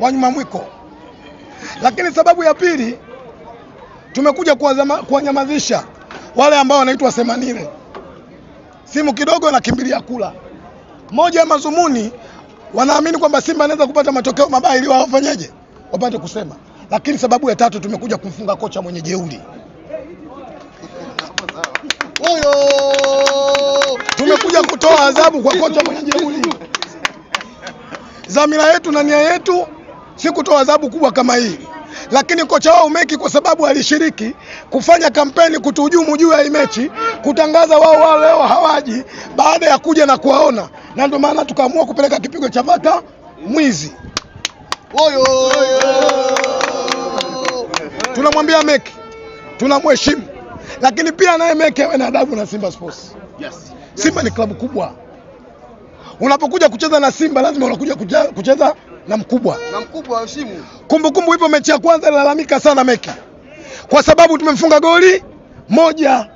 wanyuma mwiko. Lakini sababu ya pili tumekuja kuwanyamazisha wale ambao wanaitwa semanile, simu kidogo anakimbilia kula. Moja ya mazumuni, wanaamini kwamba Simba anaweza kupata matokeo mabaya ili wao wafanyeje, wapate kusema. Lakini sababu ya tatu tumekuja kumfunga kocha mwenye jeuri tumekuja kutoa adhabu kwa kocha mwenye jeuri. Dhamira yetu na nia yetu si kutoa adhabu kubwa kama hii, lakini kocha wao Meki kwa sababu alishiriki kufanya kampeni kutuhujumu juu ya mechi, kutangaza wao wao leo hawaji, baada ya kuja na kuwaona, na ndio maana tukaamua kupeleka kipigo cha vata mwizi. Tunamwambia Meki tunamheshimu, lakini pia naye Meki awe na adabu na Simba Sports. Simba ni klabu kubwa, unapokuja kucheza na Simba lazima unakuja kucheza na mkubwa na mkubwa heshimu. Kumbukumbu ipo mechi ya kwanza ilalamika sana Meki kwa sababu tumemfunga goli moja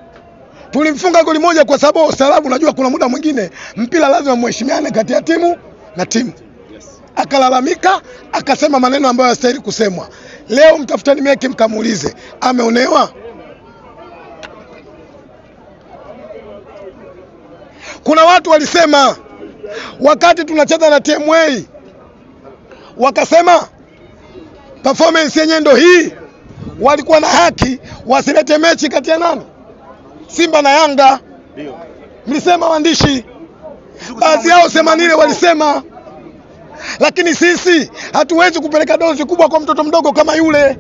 tulimfunga goli moja kwa sababu salabu, unajua kuna muda mwingine mpira lazima muheshimiane kati ya timu na timu Akalalamika akasema maneno ambayo hayastahili kusemwa. Leo mtafutani Meki mkamuulize ameonewa. Kuna watu walisema wakati tunacheza na TMA wakasema performance yenye ndo hii, walikuwa na haki wasilete mechi kati ya nani, Simba na Yanga. Mlisema waandishi, baadhi yao semanile walisema, lakini sisi hatuwezi kupeleka dozi kubwa kwa mtoto mdogo kama yule.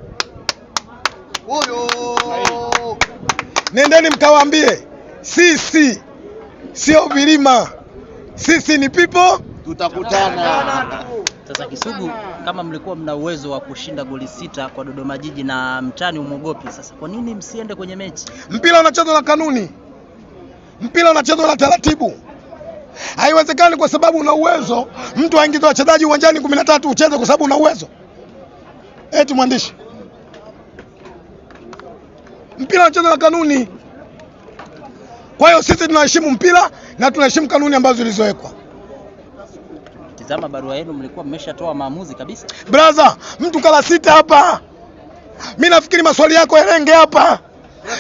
Nendeni mkawaambie sisi sio vilima, sisi ni pipo, tutakutana za Kisugu, kama mlikuwa mna uwezo wa kushinda goli sita kwa Dodoma Jiji na mtani umwogopi, sasa kwa nini msiende kwenye mechi? Mpira unachezwa na kanuni, mpira unachezwa na taratibu. Haiwezekani kwa sababu una uwezo mtu aingize wachezaji uwanjani 13 ucheze kwa sababu una uwezo eti mwandishi. Mpira unachezwa na kanuni, kwa hiyo sisi tunaheshimu mpira na tunaheshimu kanuni ambazo zilizowekwa. Nikitazama barua yenu mlikuwa mmeshatoa maamuzi kabisa. Brother, mtu kala sita hapa. Mimi nafikiri maswali yako yarenge hapa.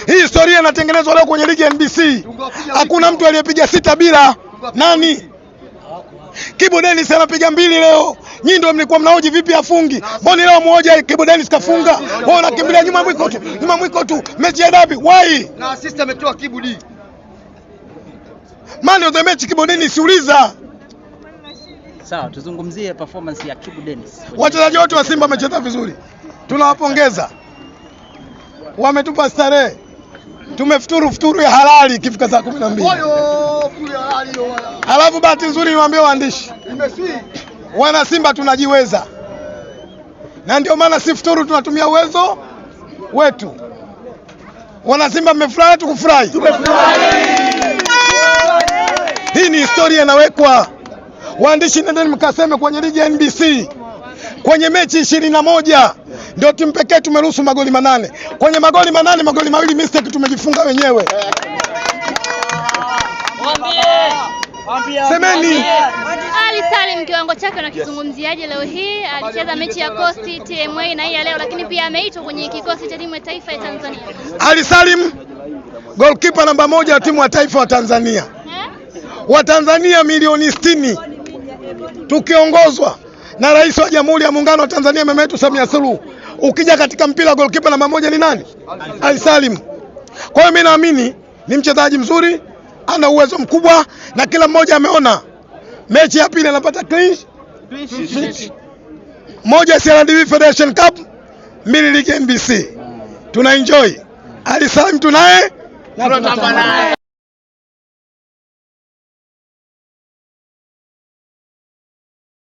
Hii historia inatengenezwa leo kwenye ligi ya NBC. Hakuna mtu aliyepiga sita bila nani? Kibu Dennis anapiga mbili leo. Nyinyi ndio mlikuwa mnaoji vipi afungi. Mbona leo mmoja Kibu Dennis kafunga? Wao nakimbilia nyuma mwiko tu. Nyuma mwiko tu. Mechi ya dabi. Why? Na assist ametoa Kibu D. Mani of the match Kibu Dennis uliza. Sawa, tuzungumzie performance ya Kibu Dennis. Wachezaji wote wa Simba wamecheza vizuri, tunawapongeza, wametupa starehe, tumefuturu futuru ya halali ikifika saa kumi na mbili. Halafu bahati nzuri niwaambie waandishi, wana Simba tunajiweza, na ndio maana si futuru, tunatumia uwezo wetu. Wana Simba mmefurahi, tukufurahi. Hii ni historia inawekwa. Waandishi, nendeni mkaseme kwenye ligi ya NBC kwenye mechi ishirini na moja ndio timu pekee tumeruhusu magoli manane. Kwenye magoli manane magoli mawili mistake tumejifunga wenyewe. Semeni Ali Salim kiwango chake unakizungumziaje? Leo hii alicheza mechi ya Coast TMA na hii ya leo, lakini pia ameitwa kwenye kikosi cha timu ya taifa ya Tanzania. Ali Salim goalkeeper namba moja wa timu ya taifa wa Tanzania, eh? wa Tanzania milioni sitini tukiongozwa na Rais wa Jamhuri ya Muungano wa Tanzania mama yetu Samia Suluhu. Ukija katika mpira golkipa namba moja ni nani? Ali Salim. Kwa hiyo mimi naamini ni mchezaji mzuri, ana uwezo mkubwa, na kila mmoja ameona mechi ya pili anapata clean sheet moja, CRDB Federation Cup, mbili ligi MBC. Tuna enjoy Ali Salim tunaye na naye.